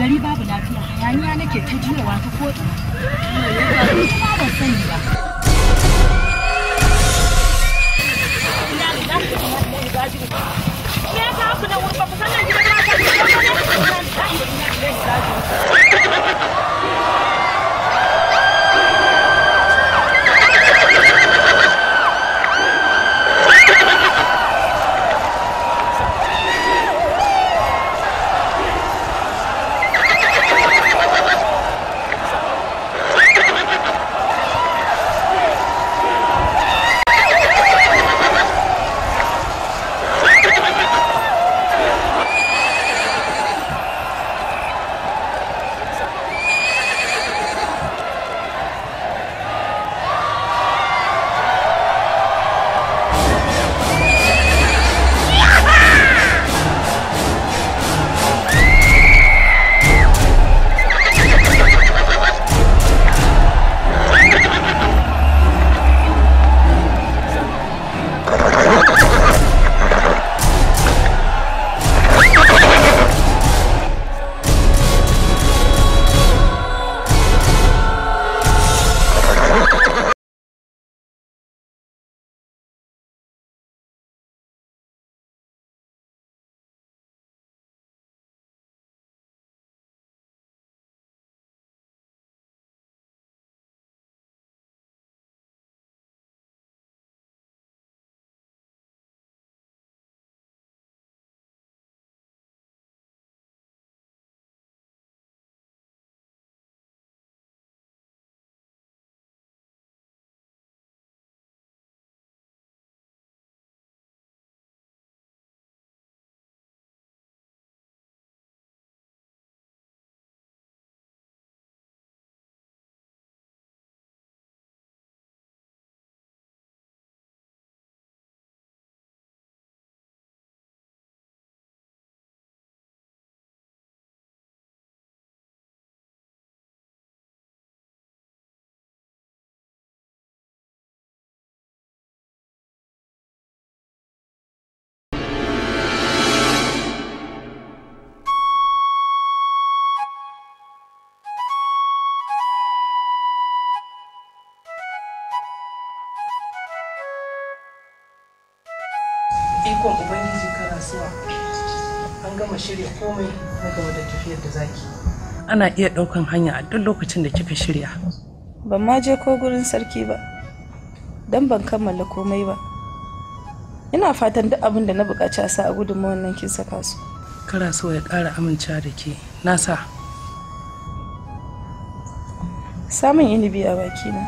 gari babu lafiya hayaniya nake ta jiyowa ta ko ina ban sani ba Ya ka ku da wurin ba ku sanar gidan da ka ku da wurin ba ku sanar gidan ka ku ikon ubangiji kana suwa an gama shirya komai na gaba da tafiyar da zaki ana iya ɗaukan hanya a duk lokacin da kika shirya ban ma je ko gurin sarki ba dan ban kammala komai ba ina fatan duk abin da na bukaci a sa a gudun wannan kin saka su kara so ya ƙara amincewa da ke nasa samun inibi a bakina. na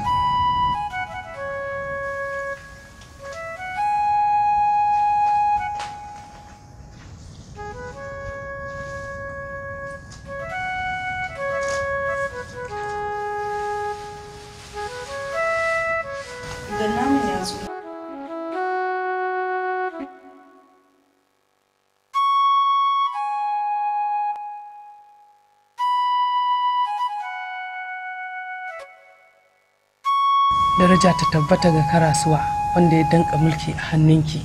daraja ta tabbata ga karasuwa wanda ya danka mulki a hannunki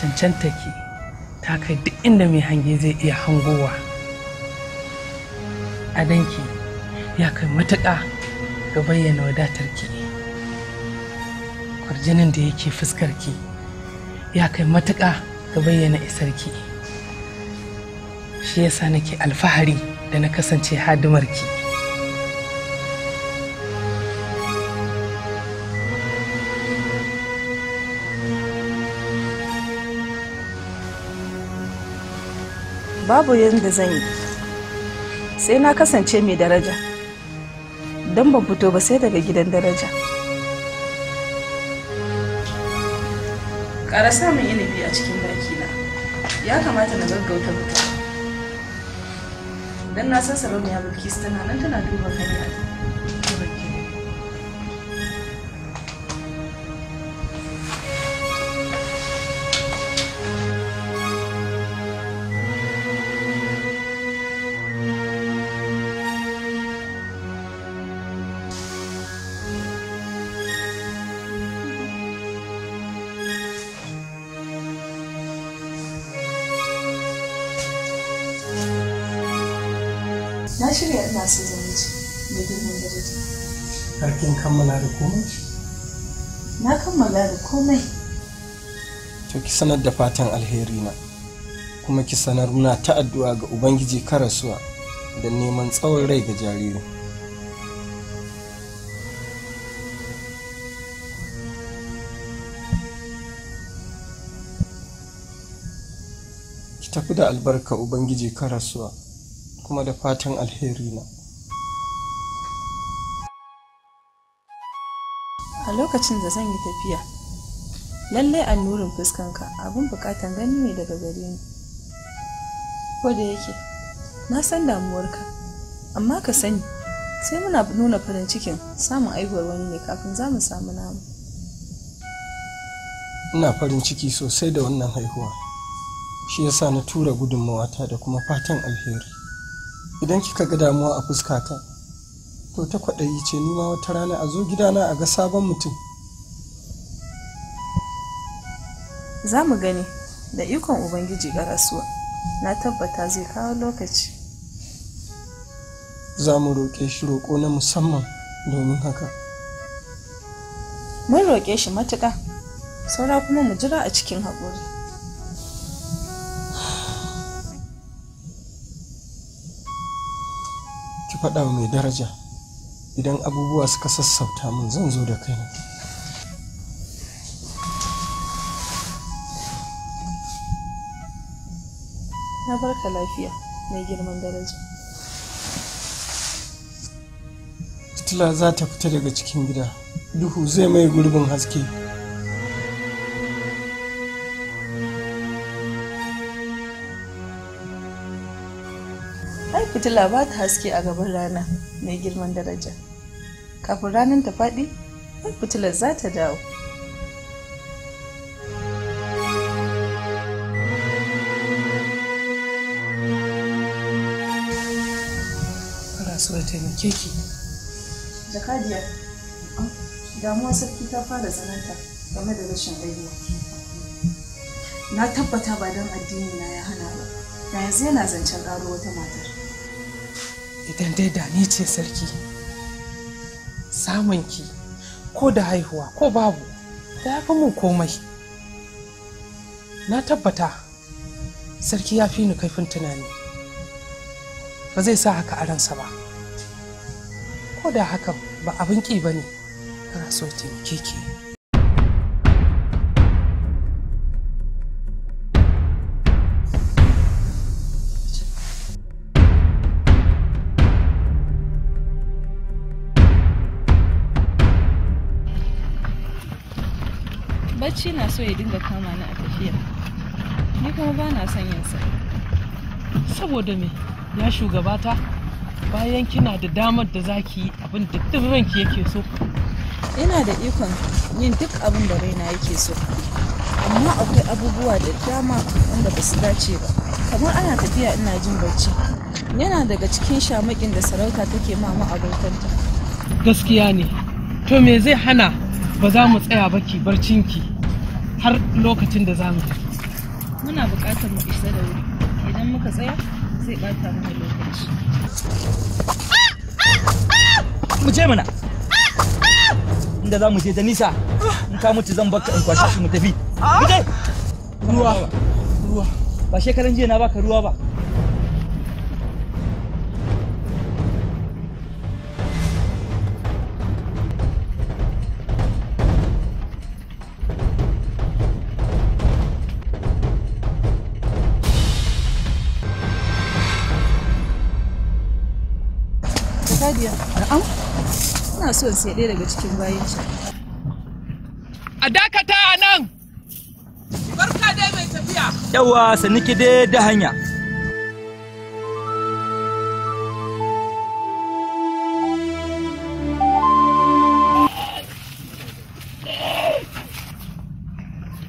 cancanta ki ta kai duk inda mai hange zai iya hangowa a danki ya kai matuƙa ga bayyana wadatar ki kwarjinin da yake ki ya kai matuƙa ga bayyana isar ki shi yasa nake alfahari da na kasance hadimar ki. babu yadda zan yi sai na kasance mai daraja don ban fito ba sai daga gidan daraja ƙara samun ilimi a cikin bakina ya kamata na gaggauta fita don na san sarauniya bilkis tana nan tana duba kai kammala da komai na kammala da komai to ki sanar da fatan alheri na kuma ki sanar muna ta addu'a ga ubangiji karasuwa da neman tsawon rai ga jariri ki tafi da albarka ubangiji karasuwa kuma da fatan alheri na a lokacin da zan yi tafiya lallai allurin fuskanka abin bukatan gani ne daga gare ni ko da yake na san damuwarka amma ka sani sai muna nuna farin cikin samun aihuwar wani ne kafin za mu samu namu ina farin ciki sosai da wannan haihuwa shi yasa na tura gudunmawata da kuma fatan alheri idan kika ga damuwa a fuskata to ta kwaɗayi ce nima wata rana a zo gidana a ga sabon mutum za mu gani da ikon ubangiji ga rasuwa, na tabbata zai kawo lokaci za mu roƙe shi roƙo na musamman domin haka mun roƙe shi matuƙa saura kuma mu jira a cikin haƙuri ki faɗa mai daraja idan abubuwa suka sassauta min zan zo da kai na barka lafiya mai girman daraja fitila za ta fita daga cikin gida duhu zai mai gurbin haske fitila ba ta haske a gaban rana mai girman daraja kafin ranar ta faɗi fitilar za ta dawo ki damuwa sarki ta fara tsananta game da rashin aiwa na tabbata ba don addini na ya hana ba yanzu yana zancen ƙaro wata mata idan dai da ni ce sarki samun ki ko da haihuwa ko babu da ya fi mun komai na tabbata sarki ya fi ni kaifin tunani ba zai sa haka a ransa ba ko da haka ba abin ki ba ne kana so taimake ki bacci na so ya dinga kama ni a tafiya ni kuma ba na son yin sa saboda me ya shugabata bayan kina da damar da za ki yi abin da duk ranki yake so ina da ikon yin duk abin da raina yake so amma akwai abubuwa da dama wanda ba su dace ba kamar ana tafiya ina jin bacci yana daga cikin shamakin da sarauta take mama abokanta gaskiya ne to me zai hana ba za mu tsaya ba ki barcinki har lokacin da za mu muna buƙatar mu isa da wuri idan muka tsaya zai ɓata mana lokaci mu je mana inda za mu je da nisa in ka mutu zan baka in kwashe shi mu tafi mu je ruwa ruwa ba shekaran jiya na baka ruwa ba son sai ɗaya daga cikin bayan can. a dakata a nan barka dai mai tafiya yawa saniki dai da hanya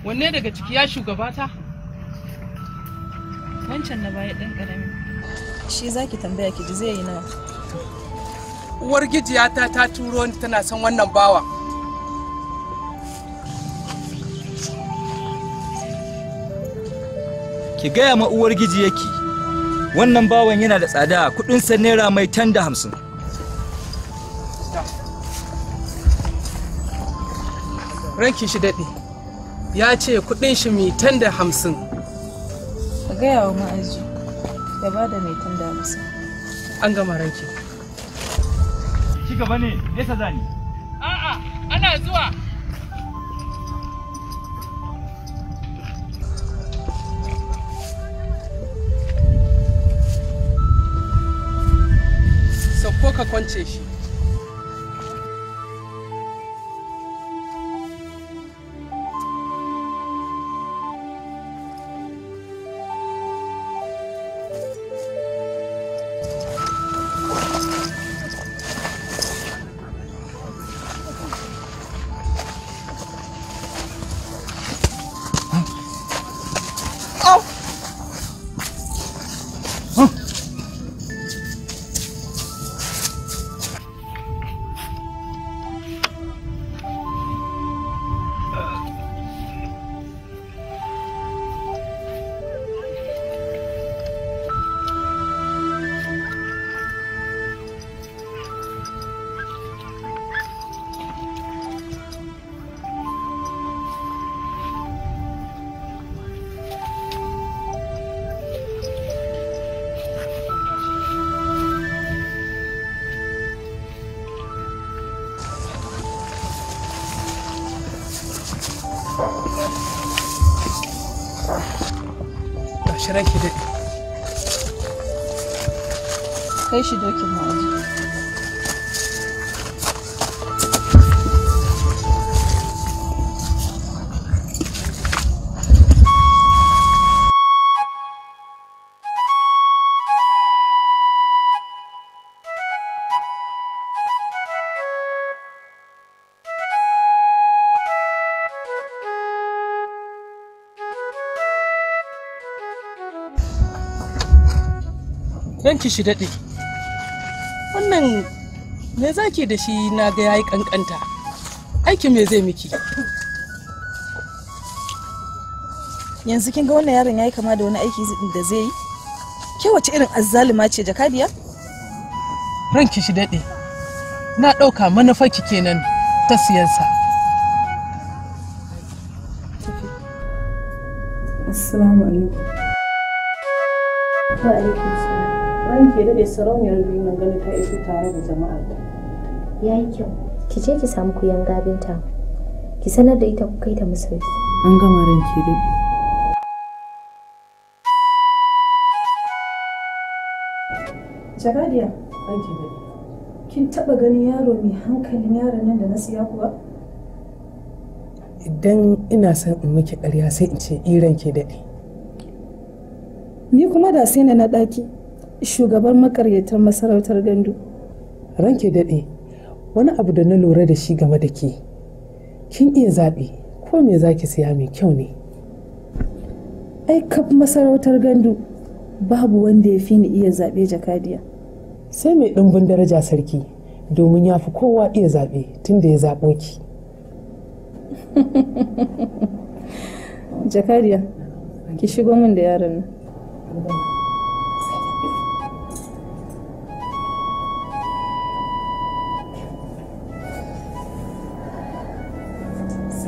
wanne daga ciki ya shugabata wancan na baya ɗan ƙarami. shi za ki tambaya ki ji zai yi nawa uwar gijiyata ta turo ni tana son wannan bawa ki gaya ma uwar giji yake wannan bawan yana da tsada kudinsa naira mai tan da hamsin ranki shi daɗe ya ce kudin shi mai tan da hamsin ka gaya wa ma'aji da ba da mai tan da hamsin an gama ranki cika gaba ne nesa zani a'a ana zuwa sauko ka kwance shi dit. yedi. je döküm oldu. kanci shi daɗe wannan me zaki da shi na ga yayi kankanta aiki me zai miki yanzu kin ga wannan yaron yayi kama da wani aiki da zai yi ke wace irin azzalima ce jakadiya ranki shi daɗe na ɗauka manufaki kenan ta siyansa Assalamu alaikum. Wa alaikum ranke daɗe sarauniyar birnin ganin ta iso tare da jama'a ta. Ya yi kyau. Ki je ki samu kuyan gabinta. Ki sanar da ita ku kai ta masauki. An gama ranke daɗe. Jagadiya, ke daɗe. Kin taɓa ganin yaro mai hankalin yaron nan da na siya kuwa? Idan ina son in miki ƙarya sai in ce iran eh, ke daɗe. Ni kuma da sai na na ɗaki. shugaban makaryatar masarautar gandu ranke daɗe wani abu da na lura da shi game da ke kin iya zaɓi ko me za ki siya mai kyau ne ai kaf masarautar gandu babu wanda ya fi ni iya zaɓe jakadiya sai mai ɗumbin daraja sarki domin ya fi kowa iya zaɓe tun da ya zaɓo ki jakadiya ki shigo min da yaron nan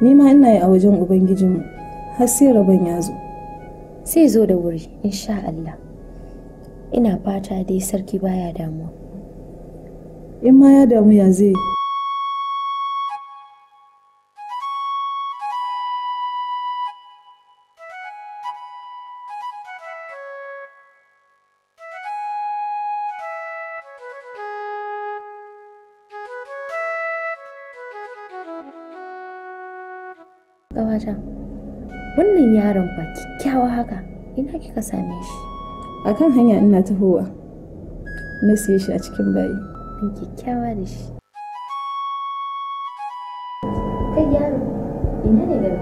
ni ma ina yi a wajen ubangijinmu har sai rabon ya zo sai zo da wuri insha Allah ina fata dai sarki baya damuwa in ma ya damu ya zai wannan yaron ba kyakkyawa haka ina kika same shi a kan hanya ina tahowa na siye shi a cikin bayi an kyakkyawa da shi kai yaro ina ne da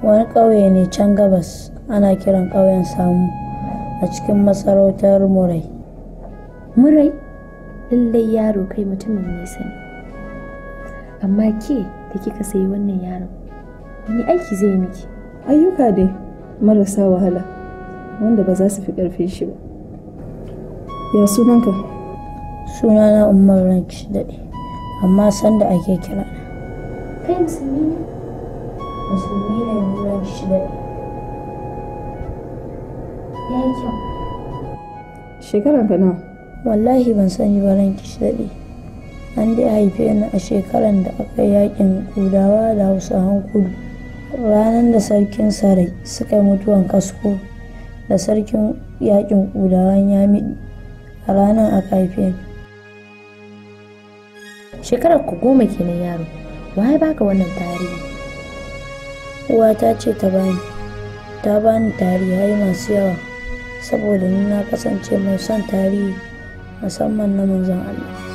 wani ƙauye ne can gabas ana kiran ƙauyen samu a cikin masarautar murai murai lallai yaro kai mutumin nesa ne amma ke da kika sayi wannan yaron wani aiki zai miki ayyuka dai marasa wahala wanda ba za su fi ƙarfin shi ba ya sunanka sunana umar ranci daɗe amma sanda ake kira kai musulmi ne musulmi ne wurin shi daɗe ya yi kyau shekaran ka nawa wallahi ban sani ba ranki shi daɗe an dai haife ni a shekaran da aka yakin kudawa da hausa kudu ranar da sarkin sarai suka yi mutuwan kasko da sarkin yakin kudawan yamidi a ranar a kaife shekarar ku goma kenan yaro waye baka wannan tarihi uwata ce ta bani ta bani tarihi masu yawa saboda ni na kasance mai son tarihi musamman na manzon Allah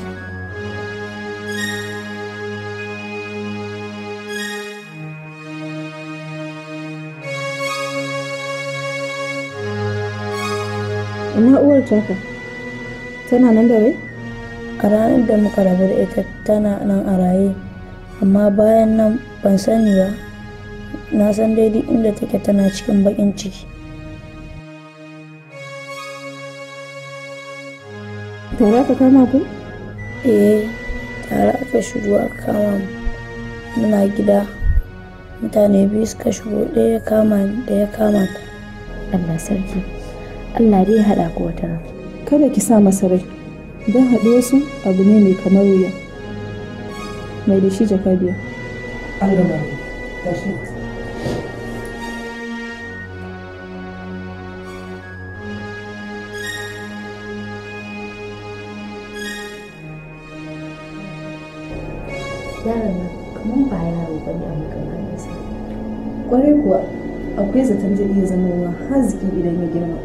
ina uwar taka tana nan da rai a ranar da muka rabu da ita tana nan a raye amma bayan nan ban sani ba na san daidai inda take tana cikin bakin ciki tara ka kama ku? eh tare aka shigo a kama muna gida mutane biyu suka shigo ɗaya kama da ya kama ta allah sarki Allah dai ya haɗa ku wata kada ki sa masa rai don haɗuwar su abu ne mai kamar wuya mai da shi jakadiya Allah gama yaron ba yaro ba ne kwarai kuwa akwai zaton zai iya zama wa haziki idan ya girma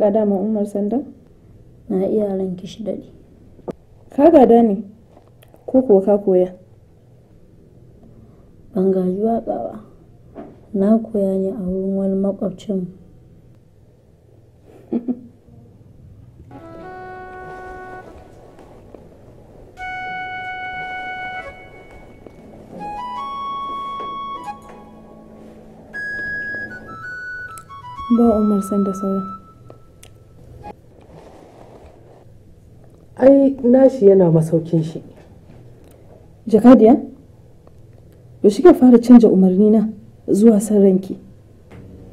saƙa dama umar sanda? na iya ranki shi daɗi ka gada ne ko kuwa ka koya ban gaji waƙawa na koya ne a wurin wani makwabcin ba umar sanda sauran ai nashi yana masaukin shi jakadiya yaushe ka fara canza umarni na zuwa san ranki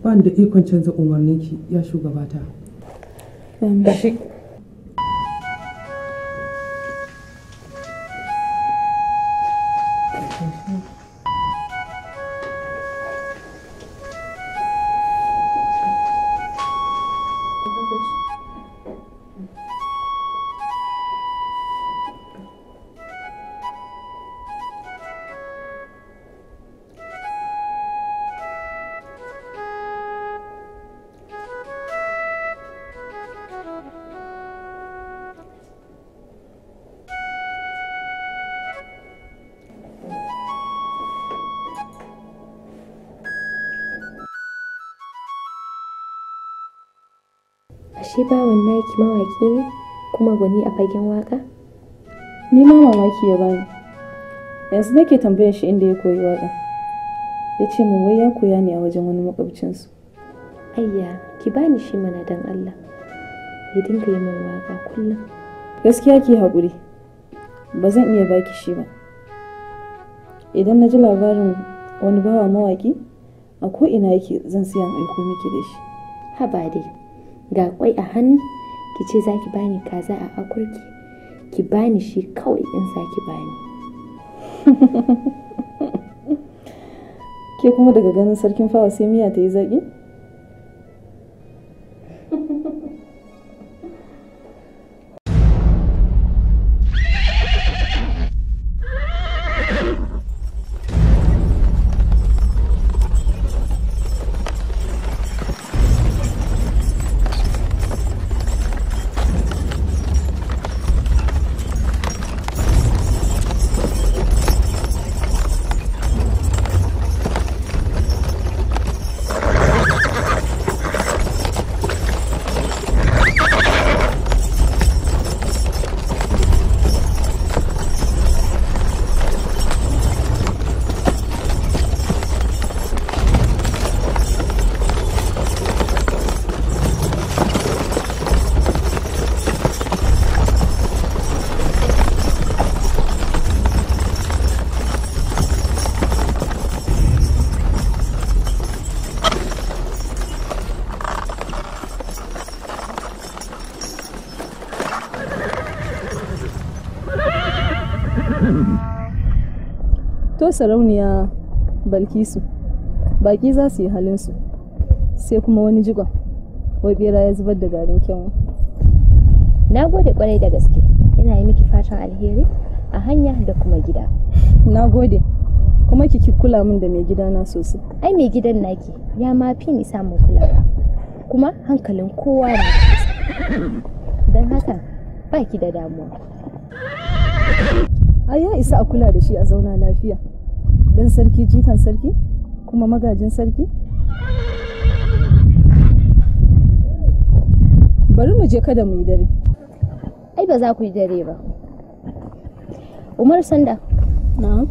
ban da ikon canza ki, ya shugabata shi Ki mawaki ne kuma gwani a fagen waka? Ni ma mamaki ya bani. Yanzu nake tambayar shi inda ya koyi waka. Ya ce min wai ya koya ne a wajen wani makwabcinsu. Ayya, ki bani shi mana dan Allah. Ya dinga yi min waka kullum. Gaskiya ki hakuri. Ba zan iya baki shi ba. Idan na ji labarin wani bawa mawaki, a ko ina yake zan siya aiko miki da shi. Haba dai, ga kwai a hannu ki ce za ki bani kaza a akurki ki bani shi kawai in za ki bani ke kuma daga ganin sarkin fawa sai miya ta yi zaƙi? to sarauniya balkisu baki za su yi halinsu sai kuma wani jigon wai bera ya zubar da garin kyanwa na gode kwarai da gaske ina yi miki fatan alheri a hanya da kuma gida na gode kuma ki kula min da mai gidana sosai ai mai gidan naki ya ma fi ni samun kulawa kuma hankalin kowa ne. don haka baki da damuwa ai ya isa a kula da shi a zauna lafiya dan sarki jikan sarki kuma magajin sarki bari mu je kada mu yi dare ai ba za ku yi dare ba umar sanda na'am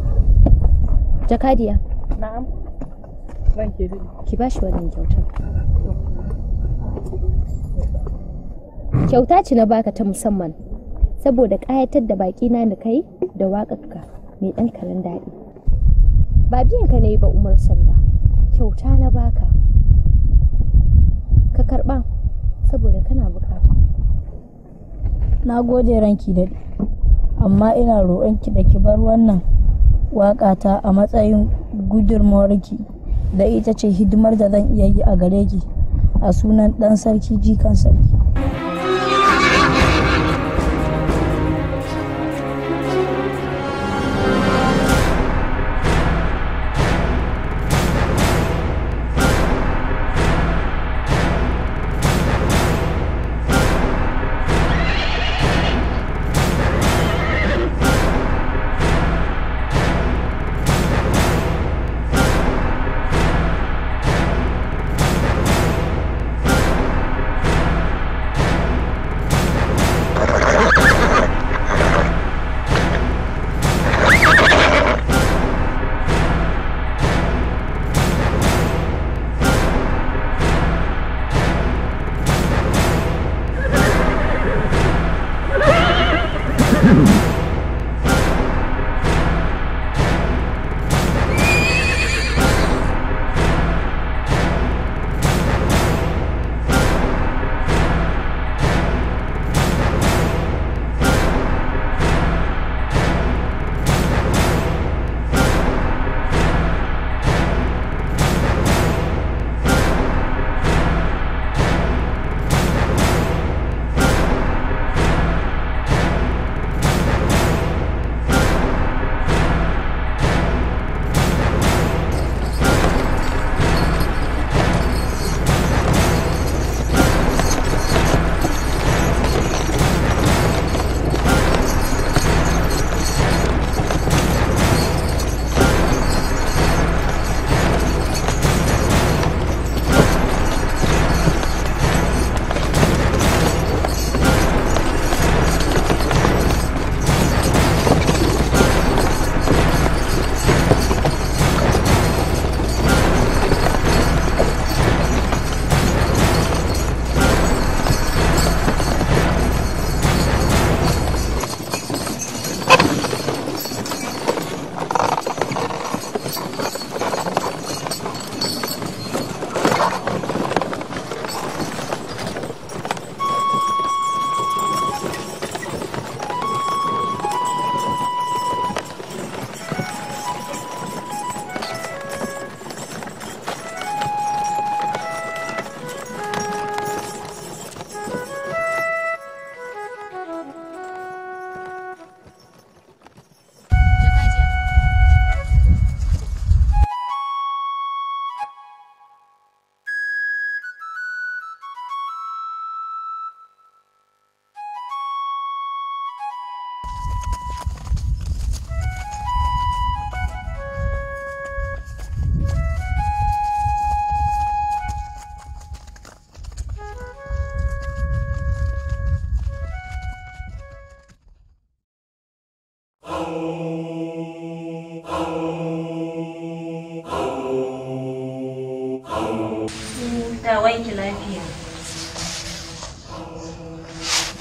jakadiya na'am ki ba shi wannan kyautar kyauta ce na baka ta musamman saboda ƙayatar da na da kai da waƙarka mai ɗan karin daɗi ba biyan ka na yi ba umar sanda kyauta na baka ka karɓa saboda kana bukata na gode ranki da amma ina roƙonki da ki bar wannan waƙata a matsayin gudunmawarki da ita ce hidimar da zan iya yi a gare ki a sunan ɗan sarki jikan sarki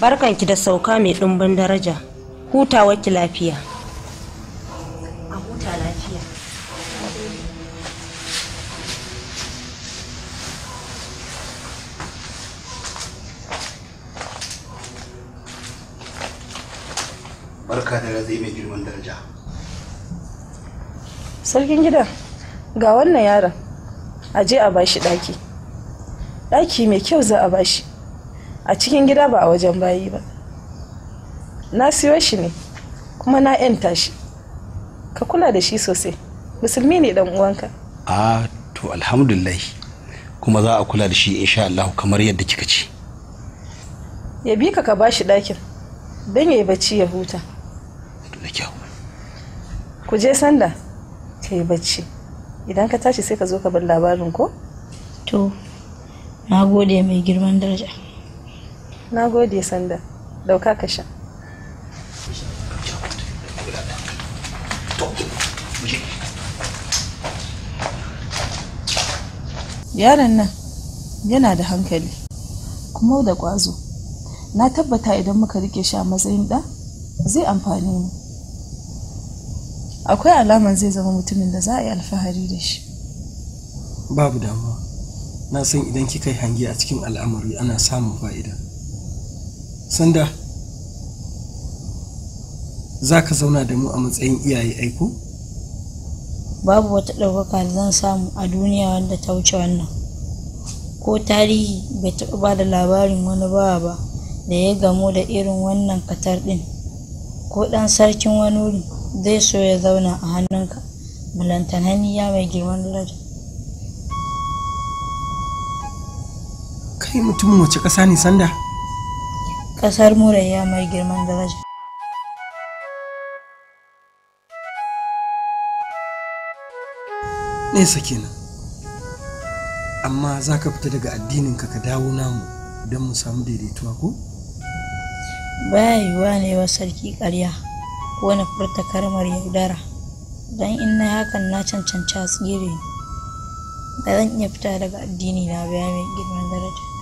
barkanki da sauka mai ɗumbin daraja hutawarki lafiya lafiya barka da razai mai girman daraja sarkin gida ga wannan yaron a je a bashi ɗaki ɗaki mai kyau za a bashi a cikin gida ba a wajen bayi ba na siyo shi ne kuma na yanta shi ka kula da shi sosai musulmi ne dan uwanka a to alhamdulillah kuma za a kula da shi insha Allah kamar yadda kika ce ya bi ka ka bashi dakin don ya yi bacci ya huta ku je sanda ka yi bacci idan ka tashi sai ka zo ka bar labarin ko to na gode mai girman daraja na gode sanda dauka ka sha yaron nan yana da hankali kuma da ƙwazo na tabbata idan muka rike sha a matsayin ɗa zai amfani mu akwai alaman zai zama mutumin da za a yi alfahari da shi babu damuwa na san idan kika yi hange a cikin al'amari ana samun fa'ida sanda za ka zauna da mu a matsayin iyaye aiko? babu wata ɗaukaka da zan samu a duniya wanda ta wuce wannan ko tarihi bai taɓa ba da labarin wani bawa ba da ya gamu da irin wannan katar ɗin ko ɗan sarkin wani wuri zai so ya zauna a hannunka bulantananiya mai girman daraja kai mutum wace ƙasa ne sanda ƙasar murayya mai girman daraja nesa kenan amma za ka fita daga addininka ka dawo namu don mu samu daidaituwa ko? baya yiwuwa ne wa sarki ƙarya ko na furta karmar yaudara don in na hakan na cancanci a tsire ne ba zan iya fita daga addini na baya mai girman daraja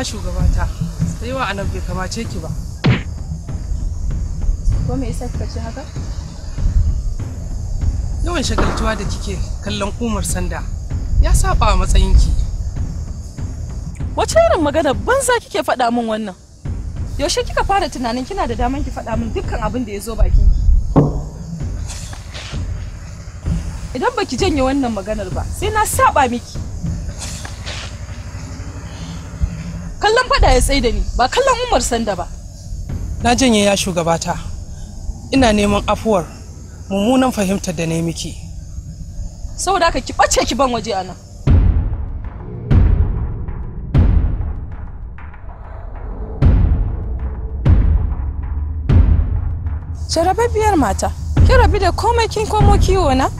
ya ta tsayuwa a nan bai kamace ki ba ko me yasa kika ce haka yawan shagaltuwa da kike kallon umar sanda ya saba a matsayinki wace irin magana banza kike faɗa min wannan yaushe kika fara tunanin kina da daman ki faɗa min dukkan abin da ya zo bakin ki idan baki janye wannan maganar ba sai na saba miki ya tsaye da ni ba kallon umar sanda ba na janye ya shugabata ina neman afuwar mummunan fahimtar da na miki saboda haka ki ɓace ki ban waje anan jarababiyar mata ki rabi da komai kin komo kiwo na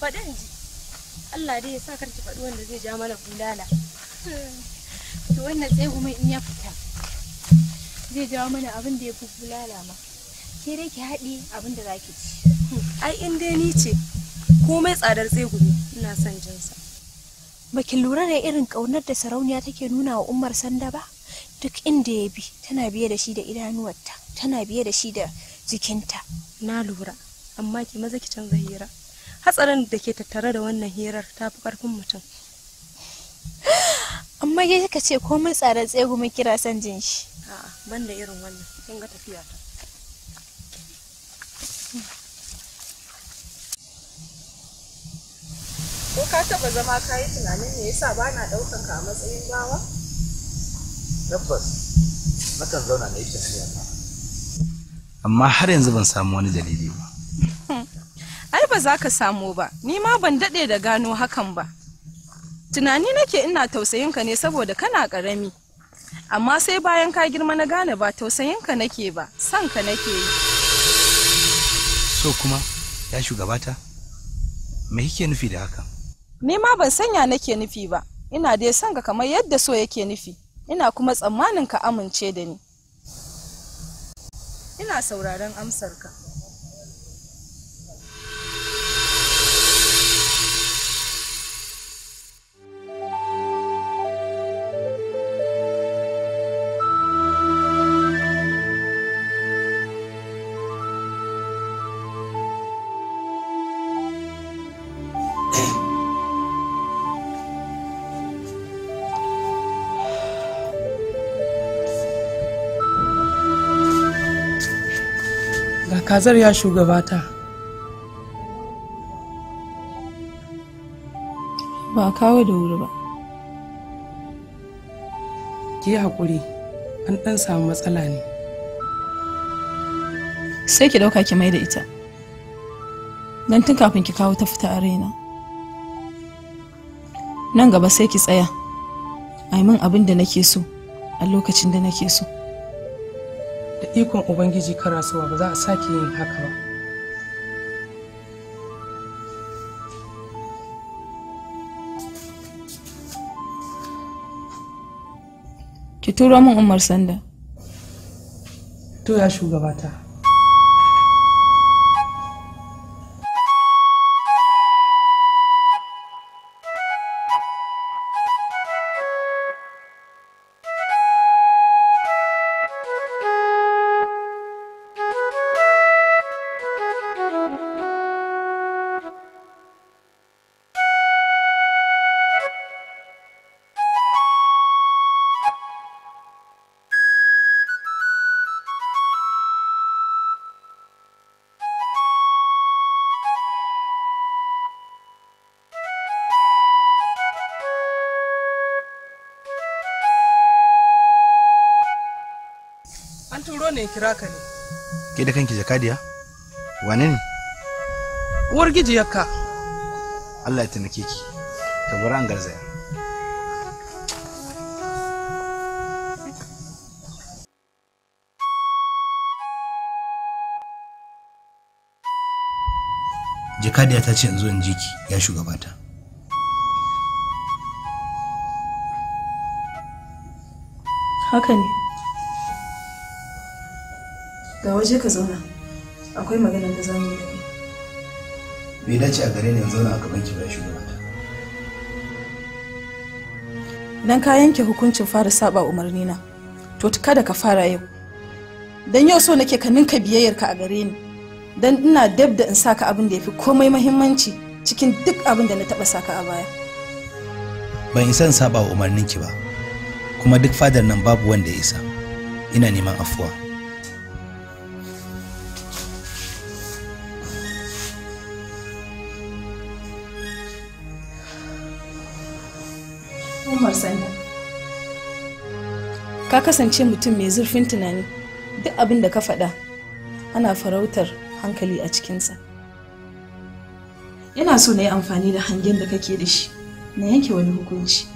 faɗi in ji Allah dai ya sa karki faɗi wanda zai ja mana bulala to wannan tsaye kuma in ya fita zai jawo mana abin da ya fi bulala ma ke dai ki haɗi abin da za ki ci ai in dai ni ce komai tsadar tsegumi ina son jinsa baki lura da irin ƙaunar da sarauniya take nuna wa umar sanda ba duk inda ya bi tana biye da shi da idanuwarta tana biye da shi da jikinta na lura amma ki maza ki canza hira hatsarin da ke tattare da wannan hirar ta fi karfin mutum amma ya kika ce komai tsare tsegu mai kira san jin shi a'a ban da irin wannan kin ga tafiya ta ko ka taba zama ka yi tunanin me yasa ba na ɗaukan ka a matsayin bawa tabbas nakan zauna na yi ta. amma har yanzu ban samu wani dalili ba ba za ka samo ba ni ma ban daɗe da gano hakan ba tunani nake ina tausayinka ne saboda kana ƙarami amma sai bayan ka girma na gane ba tausayinka nake ba son ka nake yi so kuma ya shugabata me yake nufi da hakan ni ma ban sanya nake nufi ba ina dai son ka kamar yadda so yake nufi ina kuma tsammanin ka amince da ni ina sauraron amsarka kazar ya shugabata ba kawo da wuri ba ki hakuri an ɗan samu matsala ne sai ki ɗauka ki mai da ita don tun kafin ki kawo ta fita a raina nan gaba sai ki tsaya a min abin da nake so a lokacin da nake so ikon ubangiji karasuwa ba za a sake yin haka ba ki turo min umar sanda to ya shugabata zo ne kira ka ne ke da kanki jakadiya wane ne uwar gijiyarka Allah ya taimake ki ka bari an garzaya jakadiya ta ce in zo in ji ki ya shugabata haka ne Ga waje ka zauna. Akwai maganar da za yi Bai dace a gare ni in zauna a gaban ki ba shugabata. Dan ka yanke hukuncin fara saba umarni na. To kada ka fara yau. Dan yau so nake ka ninka biyayyarka a gare ni. Dan ina dab da in saka abin da yafi komai muhimmanci cikin duk abin da na taba saka a baya. Ban isa in umarnin ki ba. Kuma duk fadar nan babu wanda ya isa. Ina neman afuwa. Umar Sanda. Ka kasance mutum mai zurfin tunani duk abin da ka faɗa ana farautar hankali a cikinsa. yana so na yi amfani da hangen da kake da shi na yanke wani hukunci.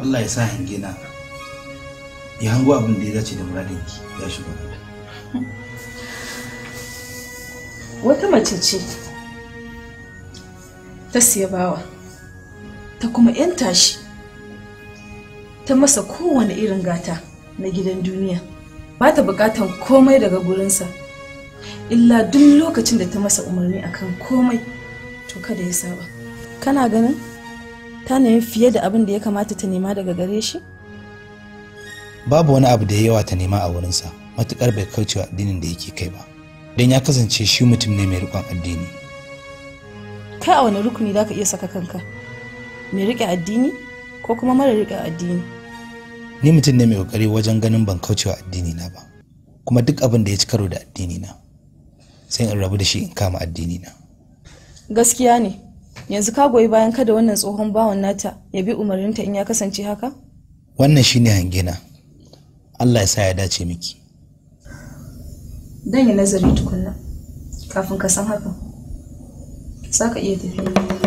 Allah ya sa hange ya hango abin da ya dace da muradinki ya shiga Wata mace ce ta siya bawa. ta kuma 'yanta shi ta masa kowane irin gata na gidan duniya ba ta bukatan komai daga gurinsa illa duk lokacin da ta masa umarni akan komai to kada ya saba kana ganin ta nemi fiye da abin da ya kamata ta nema daga gare shi babu wani abu da yawa ta nema a wurinsa matukar bai kaucewa addinin da yake kai ba don ya kasance shi mutum ne mai rikon addini kai a wani rukuni za ka iya saka kanka mai rike addini ko kuma mara rike addini ni mutum ne mai kokari wajen ganin ban kaucewa addini na ba kuma duk abin da ya ci karo da addini na sai in rabu da shi in kama addini na gaskiya ne yanzu ka goyi bayan kada wannan tsohon bawan nata ya bi umarninta in ya kasance haka wannan shine hangena Allah ya sa ya dace miki dan yi nazari tukunna kafin ka san haka za ka iya tafiya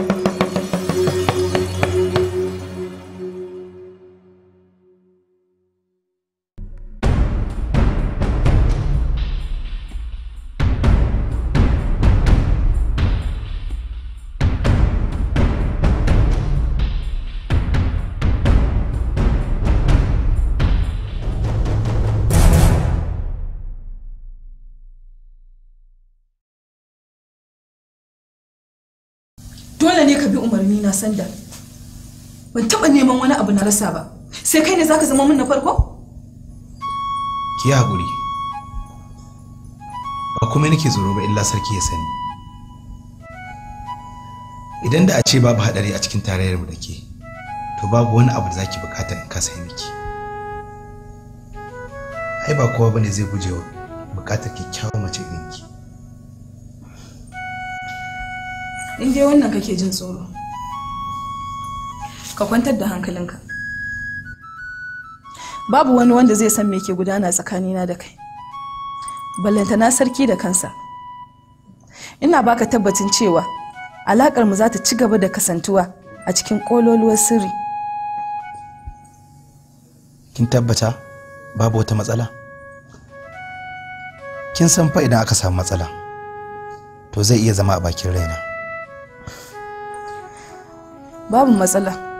malami na sanda ban taɓa neman wani abu na rasa ba sai kai ne zaka zama min na farko ki haƙuri ba kuma nake tsoro ba illa sarki ya sani idan da a ce babu haɗari a cikin tarayyar mu dake to babu wani abu da zaki bukata in kasa miki ai ba kowa bane zai guje wa bukatar kyakkyawar mace irin ki in dai wannan kake jin tsoro ka kwantar da hankalinka babu wani wanda zai san me ke gudana tsakanina da kai ballantana sarki da kansa ina baka tabbacin cewa alakar mu za ta ci gaba da kasantuwa a cikin kololuwar sirri kin tabbata babu wata matsala kin san fa idan aka samu matsala to zai iya zama a bakin raina babu matsala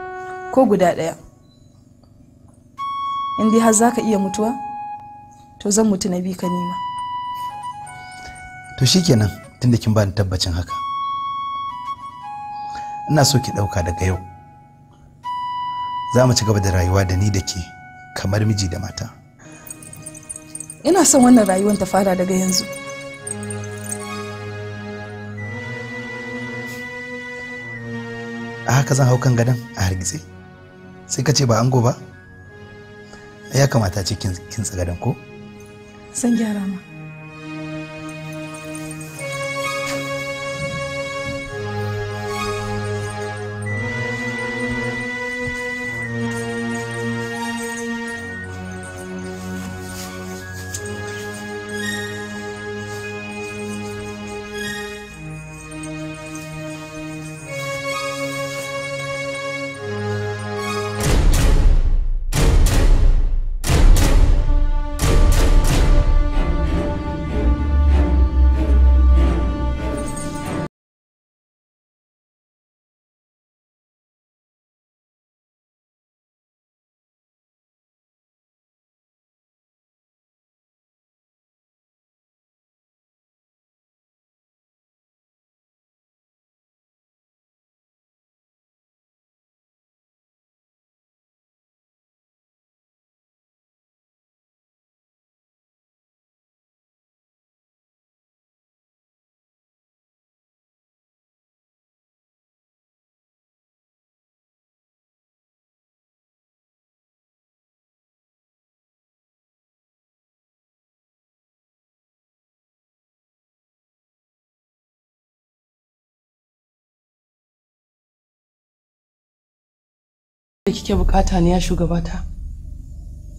ko guda ɗaya in dai har za ka iya mutuwa to zan mutu na bi ka nima to shikenan tunda kin bani tabbacin haka ina so ki ɗauka daga yau za mu ci gaba da rayuwa da ni da ke kamar miji da mata ina son wannan rayuwar ta fara daga yanzu a haka zan hau kan gadon a hargitse sai ka ce ba ango ba ya kamata cikin kin tsagarin ko san gyara ma da kike bukata ne ya shugabata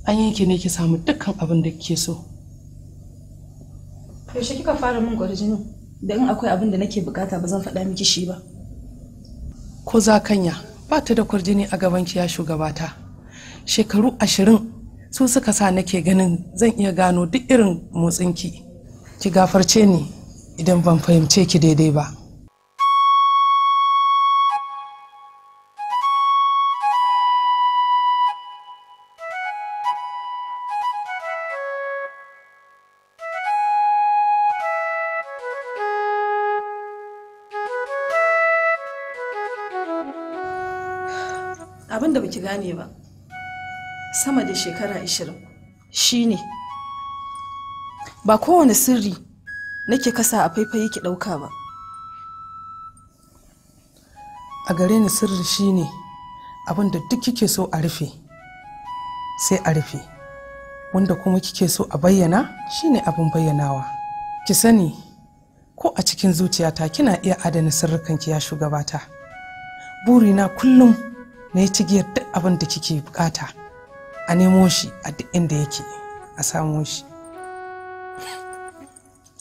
an yanke ne ki samu dukkan abin da kike so yaushe kika fara min gwarjinin da in akwai abin da nake bukata ba zan faɗa miki shi ba ko za kanya ba ta da kwarjini a gaban ki ya shugabata shekaru ashirin su suka sa nake ganin zan iya gano duk irin motsinki ki gafarce ni idan ban fahimce ki daidai ba gane ba sama da shekara ashirin shine ba kowane sirri nake kasa a faifai ki ɗauka ba a gare ni sirri shine abin da duk kike so a rufe sai a rufe wanda kuma kike so a bayyana shine abin bayyanawa ki sani ko a cikin zuciyata kina iya adana sirrikanki ya shugabata burina kullum na yi cigiyar duk abin da kike bukata a nemo shi a duk inda yake a samo shi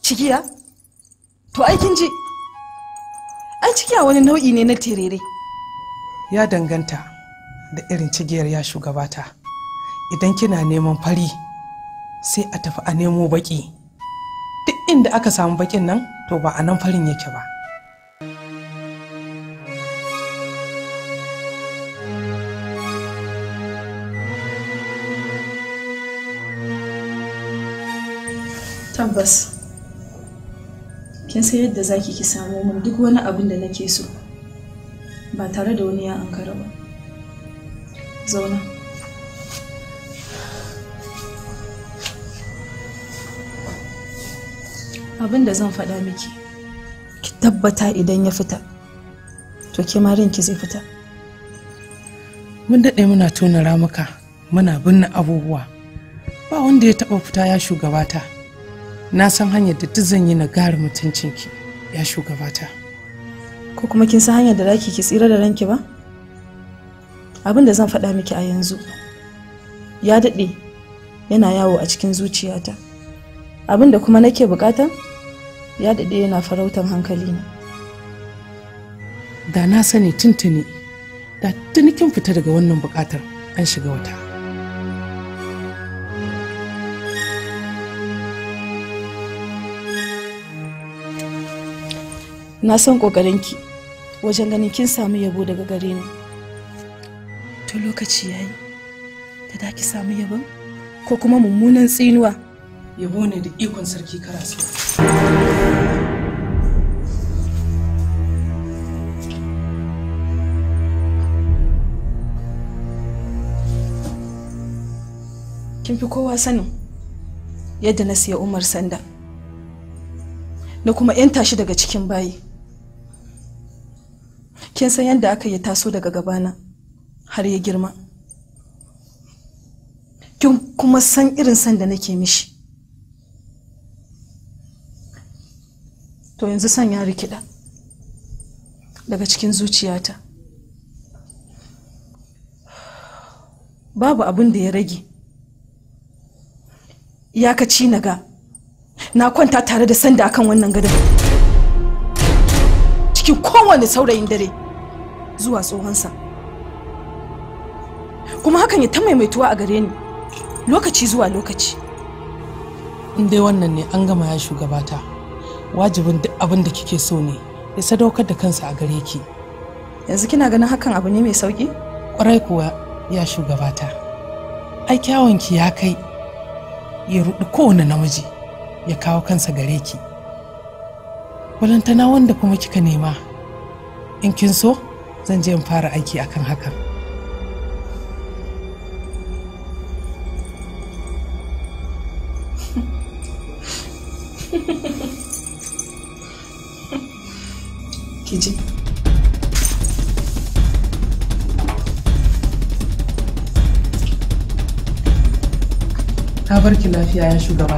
cigiya to aikin ji an cigiya wani nau'i ne na terere ya danganta da irin cigiyar ya shugabata idan kina neman fari sai a tafi a nemo baki duk inda aka samu bakin nan to ba a nan farin yake ba Tabbas. Kin san yadda zaki ki samu min duk wani abin da nake so. Ba tare da wani ya ankara ba. Zauna. Abin da zan faɗa miki, ki tabbata idan ya fita, to ke ma zai fita. Mun daɗe muna tona ramuka, muna binne abubuwa, ba wanda ya taɓa fita ya shugabata. na san hanyar da duk zan yi na gara ki ya shugabata ko kuma kin san hanyar da zaki ki tsira da ranki ba abin da zan faɗa miki a yanzu ya daɗe yana yawo a cikin zuciyata abin da kuma nake bukata ya daɗe yana farautan hankalina da na sani tuntuni da tunikin kin fita daga wannan bukatar an shiga wata na san ƙoƙarinki wajen ganin kin samu yabo daga gare ni to lokaci yayi da da ki samu yabon ko kuma mummunan tsinuwa yabo ne da ikon sarki karasu kin fi kowa sanin yadda na siya umar sanda na kuma 'yan tashi daga cikin bayi kin san yadda aka yi taso daga gabana har ya girma kin kuma san irin san da nake mishi to yanzu san ya rikida daga cikin zuciyata babu abin da ya rage ya ka ci na ga na kwanta tare da sanda akan wannan gadon cikin kowane saurayin dare zuwa tsohonsa kuma hakan ya ta maimaituwa a gare ni lokaci zuwa lokaci in dai wannan ne an gama ya shugabata wajibin duk abin da kike so ne ya sadaukar da kansa a gare ki yanzu kina ganin hakan abu ne mai sauki kwarai kuwa ya shugabata ai kyawunki ya kai ya ruɗi kowane namiji ya kawo kansa gare ki walantana wanda kuma kika nema in kin so zan je in fara aiki akan hakan na barki lafiya ya shugaba